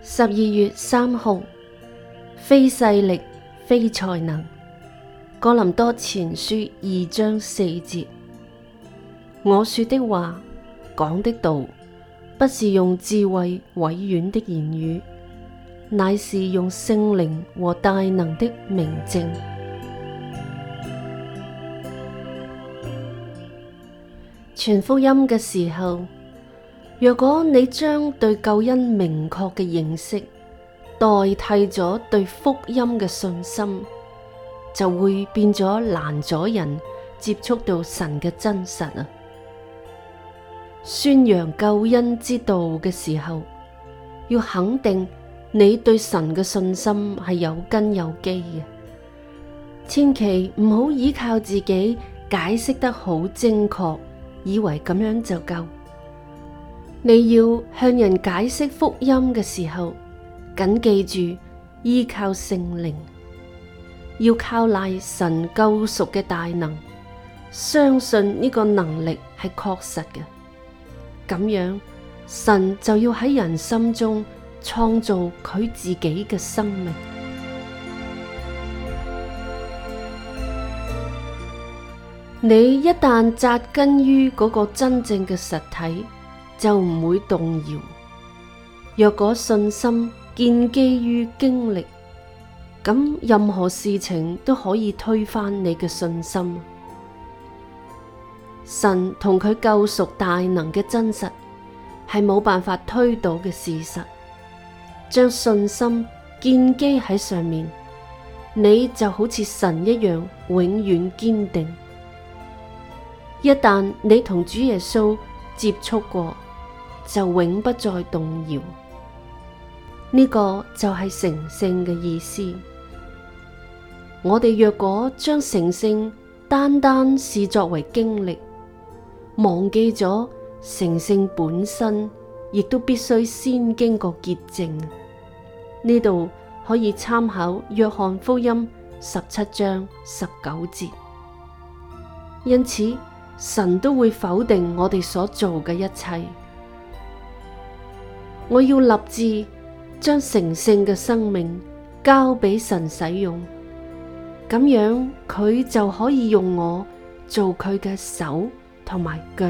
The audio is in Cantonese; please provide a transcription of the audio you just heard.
十二月三號，非勢力，非才能，《哥林多前書》二章四節。我說的話，講的道，不是用智慧委婉的言語，乃是用聖靈和大能的明證。傳福音嘅時候。若果你將對救恩明確嘅認識代替咗對福音嘅信心，就會變咗難阻人接觸到神嘅真實啊！宣揚救恩之道嘅時候，要肯定你對神嘅信心係有根有基嘅，千祈唔好依靠自己解釋得好精確，以為咁樣就夠。你要向人解釋福音嘅時候，緊記住依靠聖靈，要靠賴神救贖嘅大能，相信呢個能力係確實嘅。咁樣神就要喺人心中創造佢自己嘅生命。你一旦紮根於嗰個真正嘅實體。就唔會動搖。若果信心建基於經歷，咁任何事情都可以推翻你嘅信心。神同佢救贖大能嘅真實，係冇辦法推倒嘅事實。將信心建基喺上面，你就好似神一樣永遠堅定。一旦你同主耶穌接觸過。就永不再動搖，呢個就係成聖嘅意思。我哋若果將成聖單單視作為經歷，忘記咗成聖本身，亦都必須先經過潔淨。呢度可以參考約翰福音十七章十九節。因此，神都會否定我哋所做嘅一切。我要立志將成聖嘅生命交俾神使用，咁樣佢就可以用我做佢嘅手同埋腳。